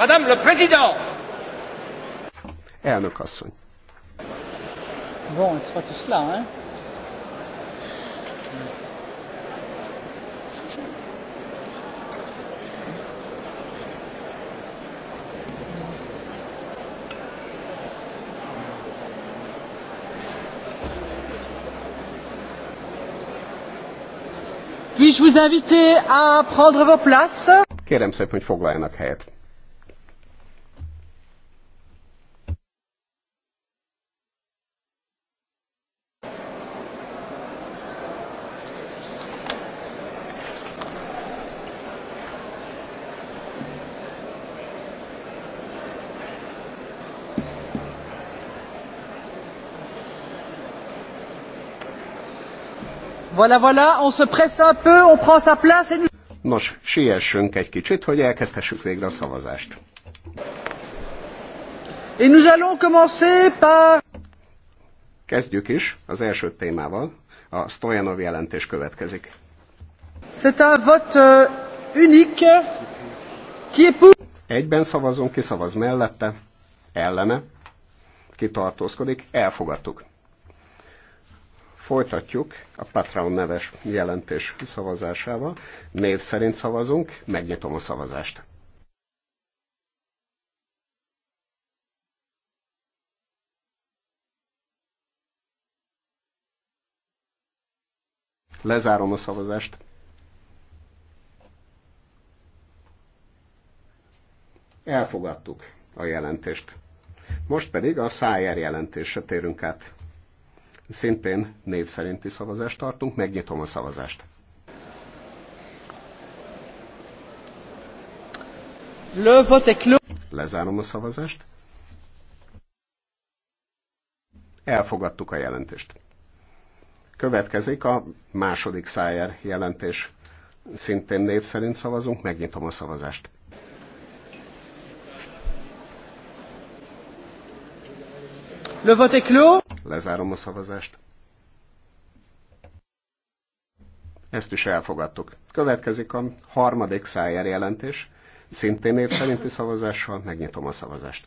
Madame le Président! Elnök asszony. Bon, ez volt is lá, eh? Puis-je vous inviter à prendre vos places? Kérem szépen, hogy foglaljanak helyet. Voilà, voilà, on se presse un peu, on prend sa place et... Nos, siessünk egy kicsit, hogy elkezdhessük végre a szavazást. Et nous allons commencer par... Kezdjük is az első témával. A Stojanov jelentés következik. C'est un vote euh, unique qui est pour... Egyben szavazunk, ki szavaz mellette, ellene, ki tartózkodik, elfogadtuk. Folytatjuk a Patreon neves jelentés szavazásával. Név szerint szavazunk, megnyitom a szavazást. Lezárom a szavazást. Elfogadtuk a jelentést. Most pedig a Szájer jelentésre térünk át. Szintén név szerinti szavazást tartunk, megnyitom a szavazást. Le vote Lezárom a szavazást. Elfogadtuk a jelentést. Következik a második szájer jelentés. Szintén név szerint szavazunk, megnyitom a szavazást. Le vote est clos. Lezárom a szavazást. Ezt is elfogadtuk. Következik a harmadik szájer jelentés. Szintén név szerinti szavazással megnyitom a szavazást.